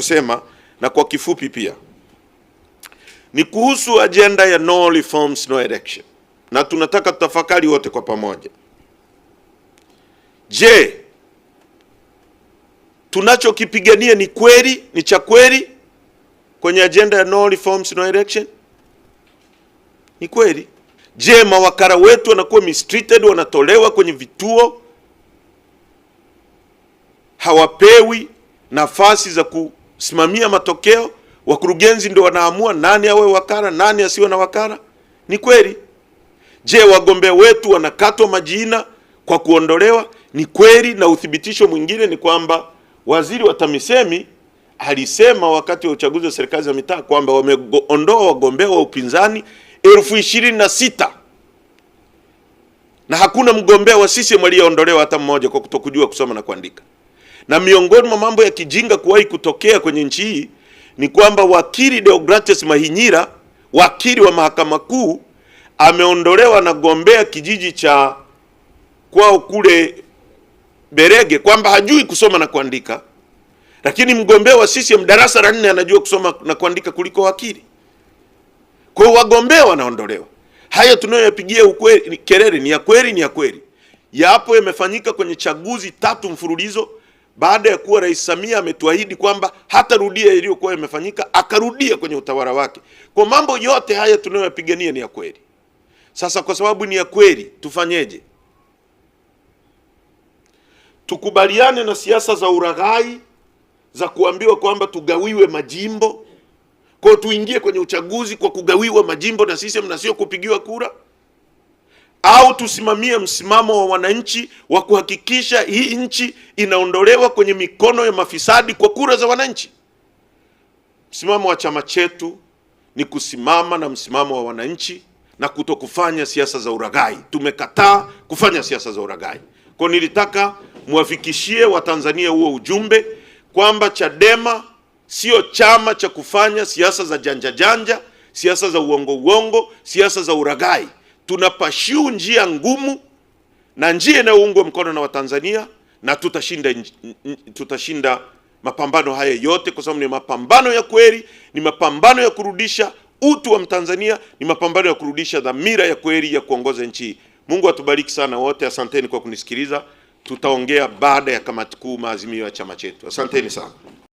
kusema na kwa kifupi pia ni kuhusu ajenda ya no reforms no election, na tunataka tutafakari wote kwa pamoja. Je, tunachokipigania ni kweli, ni cha kweli kwenye ajenda ya no reforms no election? Ni kweli? Je, mawakala wetu wanakuwa mistreated, wanatolewa kwenye vituo, hawapewi nafasi za ku simamia matokeo, wakurugenzi ndio wanaamua nani awe wakala, nani asiwe na wakala. Ni kweli? Je, wagombea wetu wanakatwa majina kwa kuondolewa? Ni kweli. Na uthibitisho mwingine ni kwamba waziri wa TAMISEMI alisema wakati wa uchaguzi wa serikali za mitaa kwamba wameondoa wagombea wa upinzani elfu ishirini na sita na hakuna mgombea wa CCM aliyeondolewa hata mmoja kwa kutokujua kusoma na kuandika. Na miongoni mwa mambo ya kijinga kuwahi kutokea kwenye nchi hii ni kwamba wakili Deogratius Mahinyira, wakili wa mahakama kuu, ameondolewa na gombea kijiji cha kwao kule Berege kwamba hajui kusoma na kuandika, lakini mgombea wa CCM darasa la nne anajua kusoma na kuandika kuliko wakili. Kwa hiyo wagombea wanaondolewa. Haya tunayoyapigia ukweli kelele ni ya kweli, ni ya kweli, yapo, yamefanyika kwenye chaguzi tatu mfululizo baada ya kuwa Rais Samia ametuahidi kwamba hatarudia iliyokuwa yamefanyika, akarudia kwenye utawala wake. Kwa mambo yote haya tunayoyapigania ni ya kweli. Sasa kwa sababu ni ya kweli, tufanyeje? Tukubaliane na siasa za uraghai za kuambiwa kwamba tugawiwe majimbo, kwa tuingie kwenye uchaguzi kwa kugawiwa majimbo na sisi na sio kupigiwa kura? au tusimamie msimamo wa wananchi wa kuhakikisha hii nchi inaondolewa kwenye mikono ya mafisadi kwa kura za wananchi. Msimamo wa chama chetu ni kusimama na msimamo wa wananchi na kutokufanya siasa za uragai Tumekataa kufanya siasa za uragai Kwa nilitaka mwafikishie Watanzania huo ujumbe kwamba Chadema sio chama cha kufanya siasa za janja janja, siasa za uongo uongo, siasa za uragai tunapashiu njia ngumu na njia inayoungwa mkono na Watanzania na tutashinda, tutashinda mapambano haya yote, kwa sababu ni mapambano ya kweli, ni mapambano ya kurudisha utu wa Mtanzania, ni mapambano ya kurudisha dhamira ya kweli ya kuongoza nchi. Mungu atubariki sana wote, asanteni kwa kunisikiliza. Tutaongea baada ya kamati kuu maazimio ya chama chetu. Asanteni sana.